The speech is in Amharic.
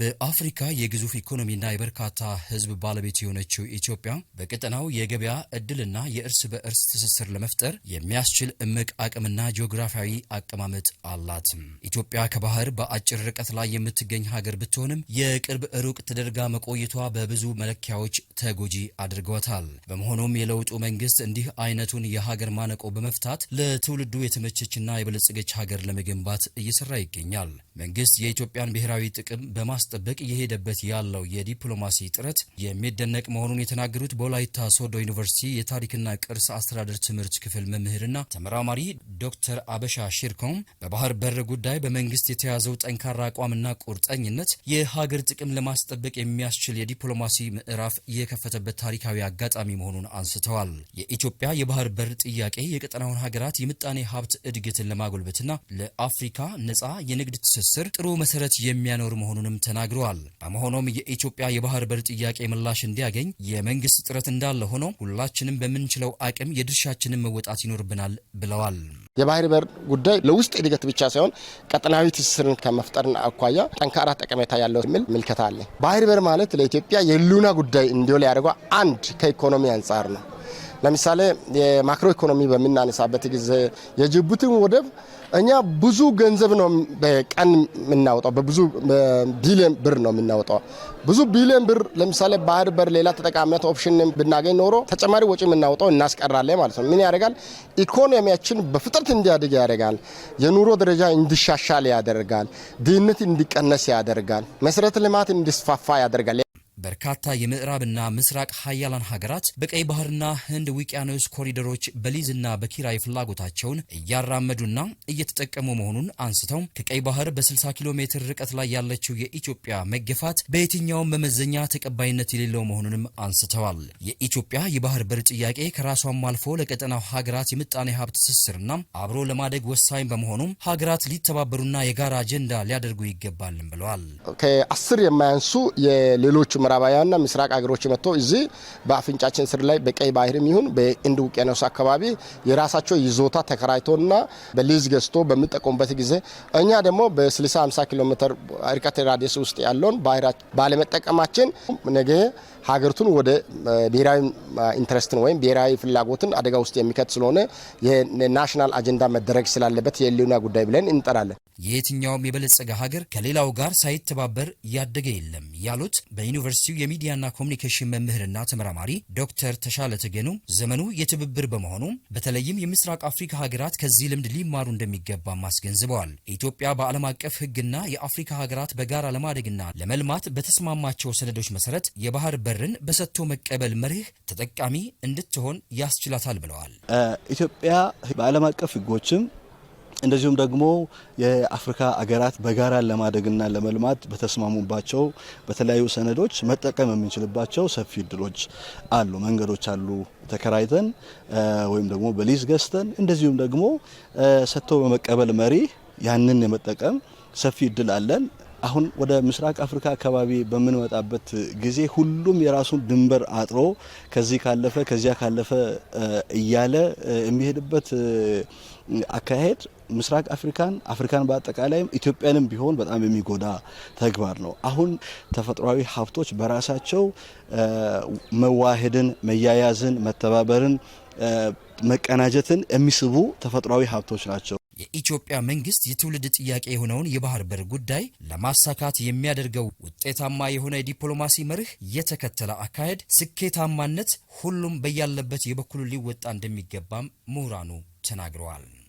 በአፍሪካ የግዙፍ ኢኮኖሚና የበርካታ ሕዝብ ባለቤት የሆነችው ኢትዮጵያ በቀጠናው የገበያ እድልና የእርስ በእርስ ትስስር ለመፍጠር የሚያስችል እምቅ አቅምና ጂኦግራፊያዊ አቀማመጥ አላት። ኢትዮጵያ ከባህር በአጭር ርቀት ላይ የምትገኝ ሀገር ብትሆንም የቅርብ ሩቅ ተደርጋ መቆየቷ በብዙ መለኪያዎች ተጎጂ አድርጓታል። በመሆኑም የለውጡ መንግስት እንዲህ አይነቱን የሀገር ማነቆ በመፍታት ለትውልዱ የተመቸችና የበለጸገች ሀገር ለመገንባት እየሰራ ይገኛል። መንግስት የኢትዮጵያን ብሔራዊ ጥቅም በማ ለማስጠበቅ እየሄደበት ያለው የዲፕሎማሲ ጥረት የሚደነቅ መሆኑን የተናገሩት በወላይታ ሶዶ ዩኒቨርሲቲ የታሪክና ቅርስ አስተዳደር ትምህርት ክፍል መምህርና ተመራማሪ ዶክተር አበሻ ሺርኮም በባህር በር ጉዳይ በመንግስት የተያዘው ጠንካራ አቋምና ቁርጠኝነት የሀገር ጥቅም ለማስጠበቅ የሚያስችል የዲፕሎማሲ ምዕራፍ የከፈተበት ታሪካዊ አጋጣሚ መሆኑን አንስተዋል። የኢትዮጵያ የባህር በር ጥያቄ የቀጠናውን ሀገራት የምጣኔ ሀብት እድገትን ለማጎልበትና ለአፍሪካ ነጻ የንግድ ትስስር ጥሩ መሰረት የሚያኖር መሆኑንም ተናግረዋል። በመሆኑም የኢትዮጵያ የባህር በር ጥያቄ ምላሽ እንዲያገኝ የመንግስት ጥረት እንዳለ ሆኖ ሁላችንም በምንችለው አቅም የድርሻችንን መወጣት ይኖርብናል ብለዋል። የባህር በር ጉዳይ ለውስጥ እድገት ብቻ ሳይሆን ቀጠናዊ ትስስርን ከመፍጠርን አኳያ ጠንካራ ጠቀሜታ ያለው የሚል ምልከታ አለ። ባህር በር ማለት ለኢትዮጵያ የህልውና ጉዳይ እንዲሆን ያደርገው አንድ ከኢኮኖሚ አንጻር ነው። ለምሳሌ የማክሮ ኢኮኖሚ በምናነሳበት ጊዜ የጅቡቲን ወደብ እኛ ብዙ ገንዘብ ነው በቀን የምናወጣው፣ በብዙ ቢሊዮን ብር ነው የምናወጣው። ብዙ ቢሊዮን ብር ለምሳሌ ባህር በር ሌላ ተጠቃሚነት ኦፕሽን ብናገኝ ኖሮ ተጨማሪ ወጪ የምናወጣው እናስቀራለን ማለት ነው። ምን ያደርጋል? ኢኮኖሚያችን በፍጥነት እንዲያድግ ያደርጋል። የኑሮ ደረጃ እንዲሻሻል ያደርጋል። ድህነት እንዲቀነስ ያደርጋል። መሰረተ ልማት እንዲስፋፋ ያደርጋል። በርካታ የምዕራብና ምስራቅ ሀያላን ሀገራት በቀይ ባህርና ህንድ ውቅያኖስ ኮሪደሮች በሊዝና በኪራይ ፍላጎታቸውን እያራመዱና እየተጠቀሙ መሆኑን አንስተው ከቀይ ባህር በ60 ኪሎ ሜትር ርቀት ላይ ያለችው የኢትዮጵያ መገፋት በየትኛውም መመዘኛ ተቀባይነት የሌለው መሆኑንም አንስተዋል። የኢትዮጵያ የባህር በር ጥያቄ ከራሷም አልፎ ለቀጠናው ሀገራት የምጣኔ ሀብት ትስስርና አብሮ ለማደግ ወሳኝ በመሆኑም ሀገራት ሊተባበሩና የጋራ አጀንዳ ሊያደርጉ ይገባልም ብለዋል። ከአስር የማያንሱ የሌሎች ና ምስራቅ ሀገሮች መጥቶ እዚህ በአፍንጫችን ስር ላይ በቀይ ባህርም ይሁን በእንድ ውቅያኖስ አካባቢ የራሳቸው ይዞታ ተከራይቶና በሊዝ ገዝቶ በሚጠቀሙበት ጊዜ እኛ ደግሞ በ 650 ኪሎ ሜትር ርቀት ራዲየስ ውስጥ ያለውን ባለመጠቀማችን ነገ ሀገሪቱን ወደ ብሔራዊ ኢንትረስትን ወይም ብሔራዊ ፍላጎትን አደጋ ውስጥ የሚከት ስለሆነ የናሽናል አጀንዳ መደረግ ስላለበት የህልውና ጉዳይ ብለን እንጠራለን። የየትኛውም የበለጸገ ሀገር ከሌላው ጋር ሳይተባበር ያደገ የለም ያሉት በዩኒቨርሲቲው የሚዲያና ኮሚኒኬሽን መምህርና ተመራማሪ ዶክተር ተሻለ ተገኑ ዘመኑ የትብብር በመሆኑ በተለይም የምስራቅ አፍሪካ ሀገራት ከዚህ ልምድ ሊማሩ እንደሚገባም አስገንዝበዋል። ኢትዮጵያ በዓለም አቀፍ ሕግና የአፍሪካ ሀገራት በጋራ ለማደግና ለመልማት በተስማማቸው ሰነዶች መሰረት የባህር በርን በሰጥቶ መቀበል መርህ ተጠቃሚ እንድትሆን ያስችላታል ብለዋል። ኢትዮጵያ በዓለም አቀፍ ሕጎችም እንደዚሁም ደግሞ የአፍሪካ አገራት በጋራ ለማደግና ለመልማት በተስማሙባቸው በተለያዩ ሰነዶች መጠቀም የምንችልባቸው ሰፊ እድሎች አሉ፣ መንገዶች አሉ። ተከራይተን ወይም ደግሞ በሊዝ ገዝተን እንደዚሁም ደግሞ ሰጥቶ በመቀበል መሪ ያንን የመጠቀም ሰፊ እድል አለን። አሁን ወደ ምስራቅ አፍሪካ አካባቢ በምንመጣበት ጊዜ ሁሉም የራሱን ድንበር አጥሮ ከዚህ ካለፈ ከዚያ ካለፈ እያለ የሚሄድበት አካሄድ ምስራቅ አፍሪካን አፍሪካን በአጠቃላይም ኢትዮጵያንም ቢሆን በጣም የሚጎዳ ተግባር ነው። አሁን ተፈጥሯዊ ሀብቶች በራሳቸው መዋሄድን፣ መያያዝን፣ መተባበርን፣ መቀናጀትን የሚስቡ ተፈጥሯዊ ሀብቶች ናቸው። የኢትዮጵያ መንግስት የትውልድ ጥያቄ የሆነውን የባህር በር ጉዳይ ለማሳካት የሚያደርገው ውጤታማ የሆነ የዲፕሎማሲ መርህ የተከተለ አካሄድ ስኬታማነት ሁሉም በያለበት የበኩሉ ሊወጣ እንደሚገባም ምሁራኑ ተናግረዋል።